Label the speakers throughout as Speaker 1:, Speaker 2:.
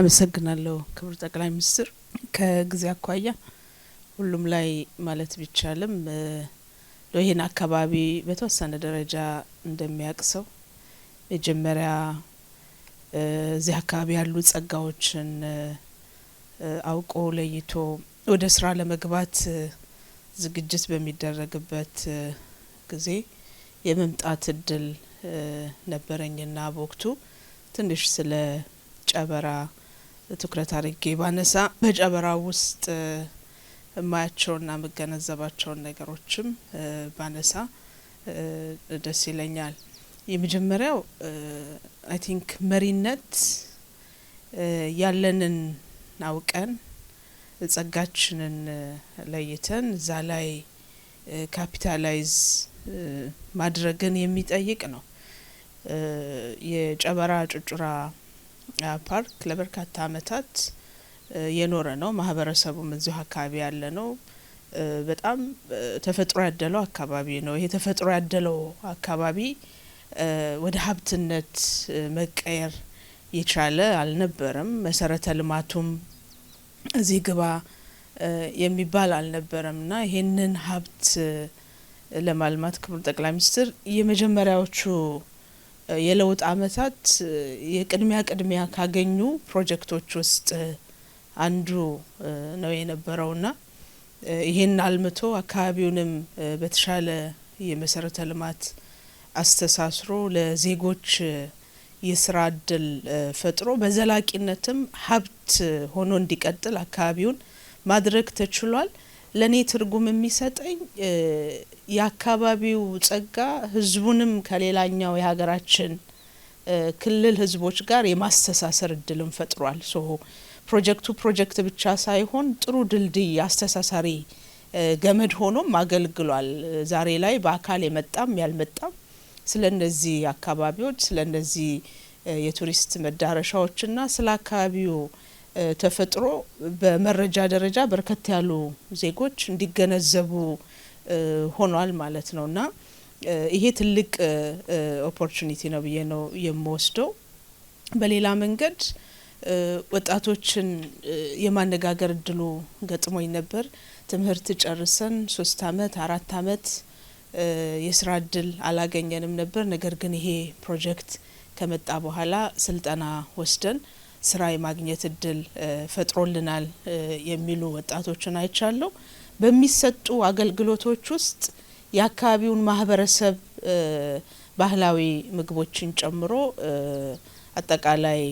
Speaker 1: አመሰግናለሁ ክቡር ጠቅላይ ሚኒስትር። ከጊዜ አኳያ ሁሉም ላይ ማለት ቢቻልም ይህን አካባቢ በተወሰነ ደረጃ እንደሚያውቅ ሰው መጀመሪያ እዚህ አካባቢ ያሉ ጸጋዎችን አውቆ ለይቶ ወደ ስራ ለመግባት ዝግጅት በሚደረግበት ጊዜ የመምጣት እድል ነበረኝና በወቅቱ ትንሽ ስለ ጨበራ ትኩረት አድርጌ ባነሳ በጨበራ ውስጥ የማያቸውና የምገነዘባቸውን ነገሮችም ባነሳ ደስ ይለኛል። የመጀመሪያው አይ ቲንክ መሪነት ያለንን አውቀን ጸጋችንን ለይተን እዛ ላይ ካፒታላይዝ ማድረግን የሚጠይቅ ነው። የጨበራ ጩርጩራ ፓርክ ለበርካታ አመታት የኖረ ነው። ማህበረሰቡም እዚሁ አካባቢ ያለ ነው። በጣም ተፈጥሮ ያደለው አካባቢ ነው። ይሄ ተፈጥሮ ያደለው አካባቢ ወደ ሀብትነት መቀየር የቻለ አልነበረም። መሰረተ ልማቱም እዚህ ግባ የሚባል አልነበረም እና ይህንን ሀብት ለማልማት ክቡር ጠቅላይ ሚኒስትር የመጀመሪያዎቹ የለውጥ አመታት የቅድሚያ ቅድሚያ ካገኙ ፕሮጀክቶች ውስጥ አንዱ ነው የነበረውና ይህን አልምቶ አካባቢውንም በተሻለ የመሰረተ ልማት አስተሳስሮ ለዜጎች የስራ እድል ፈጥሮ በዘላቂነትም ሀብት ሆኖ እንዲቀጥል አካባቢውን ማድረግ ተችሏል። ለእኔ ትርጉም የሚሰጠኝ የአካባቢው ጸጋ ህዝቡንም ከሌላኛው የሀገራችን ክልል ህዝቦች ጋር የማስተሳሰር እድልም ፈጥሯል። ሶ ፕሮጀክቱ ፕሮጀክት ብቻ ሳይሆን ጥሩ ድልድይ አስተሳሳሪ ገመድ ሆኖም አገልግሏል። ዛሬ ላይ በአካል የመጣም ያልመጣም ስለ እነዚህ አካባቢዎች ስለ እነዚህ የቱሪስት መዳረሻዎችና ስለ አካባቢው ተፈጥሮ በመረጃ ደረጃ በርከት ያሉ ዜጎች እንዲገነዘቡ ሆኗል ማለት ነው እና ይሄ ትልቅ ኦፖርቹኒቲ ነው ብዬ ነው የምወስደው። በሌላ መንገድ ወጣቶችን የማነጋገር እድሉ ገጥሞኝ ነበር። ትምህርት ጨርሰን ሶስት አመት አራት አመት የስራ እድል አላገኘንም ነበር። ነገር ግን ይሄ ፕሮጀክት ከመጣ በኋላ ስልጠና ወስደን ስራ የማግኘት እድል ፈጥሮልናል የሚሉ ወጣቶችን አይቻለሁ። በሚሰጡ አገልግሎቶች ውስጥ የአካባቢውን ማህበረሰብ ባህላዊ ምግቦችን ጨምሮ አጠቃላይ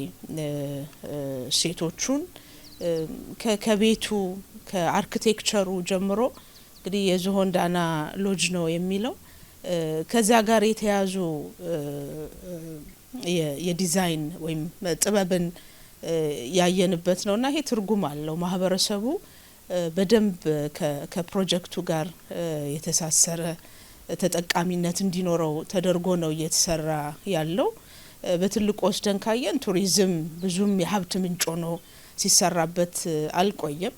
Speaker 1: ሴቶቹን ከቤቱ ከአርክቴክቸሩ ጀምሮ እንግዲህ የዝሆን ዳና ሎጅ ነው የሚለው ከዚያ ጋር የተያዙ የዲዛይን ወይም ጥበብን ያየንበት ነው እና ይሄ ትርጉም አለው። ማህበረሰቡ በደንብ ከፕሮጀክቱ ጋር የተሳሰረ ተጠቃሚነት እንዲኖረው ተደርጎ ነው እየተሰራ ያለው። በትልቁ ወስደን ካየን ቱሪዝም ብዙም የሀብት ምንጭ ሆኖ ሲሰራበት አልቆየም።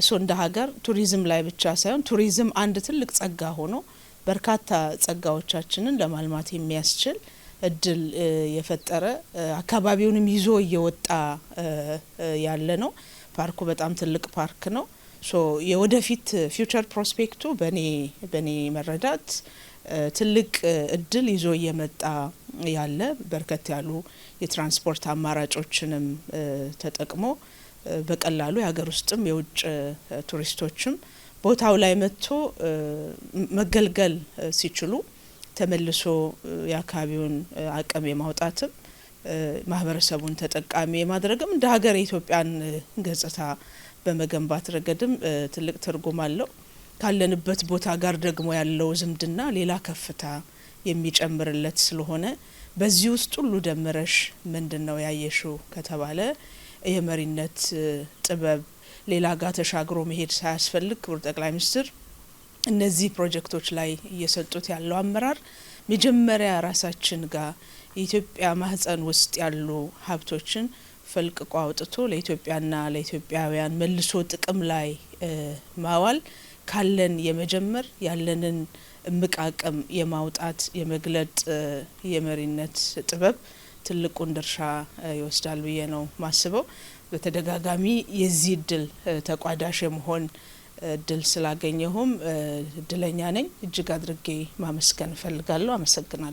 Speaker 1: እሱ እንደ ሀገር ቱሪዝም ላይ ብቻ ሳይሆን ቱሪዝም አንድ ትልቅ ጸጋ ሆኖ በርካታ ጸጋዎቻችንን ለማልማት የሚያስችል እድል የፈጠረ አካባቢውንም ይዞ እየወጣ ያለ ነው። ፓርኩ በጣም ትልቅ ፓርክ ነው። ሶ የወደፊት ፊውቸር ፕሮስፔክቱ በኔ በኔ መረዳት ትልቅ እድል ይዞ እየመጣ ያለ በርከት ያሉ የትራንስፖርት አማራጮችንም ተጠቅሞ በቀላሉ የሀገር ውስጥም የውጭ ቱሪስቶችም ቦታው ላይ መጥቶ መገልገል ሲችሉ ተመልሶ የአካባቢውን አቅም የማውጣትም ማህበረሰቡን ተጠቃሚ የማድረግም እንደ ሀገር የኢትዮጵያን ገጽታ በመገንባት ረገድም ትልቅ ትርጉም አለው። ካለንበት ቦታ ጋር ደግሞ ያለው ዝምድና ሌላ ከፍታ የሚጨምርለት ስለሆነ በዚህ ውስጥ ሁሉ ደምረሽ ምንድን ነው ያየሽው ከተባለ የመሪነት ጥበብ ሌላ ጋር ተሻግሮ መሄድ ሳያስፈልግ ክቡር ጠቅላይ ሚኒስትር እነዚህ ፕሮጀክቶች ላይ እየሰጡት ያለው አመራር መጀመሪያ ራሳችን ጋር የኢትዮጵያ ማህፀን ውስጥ ያሉ ሀብቶችን ፈልቅቆ አውጥቶ ለኢትዮጵያና ለኢትዮጵያውያን መልሶ ጥቅም ላይ ማዋል ካለን የመጀመር ያለንን እምቅ አቅም የማውጣት የመግለጥ የመሪነት ጥበብ ትልቁን ድርሻ ይወስዳል ብዬ ነው ማስበው። በተደጋጋሚ የዚህ እድል ተቋዳሽ የመሆን እድል ስላገኘሁም እድለኛ ነኝ። እጅግ አድርጌ ማመስገን እፈልጋለሁ። አመሰግናለሁ።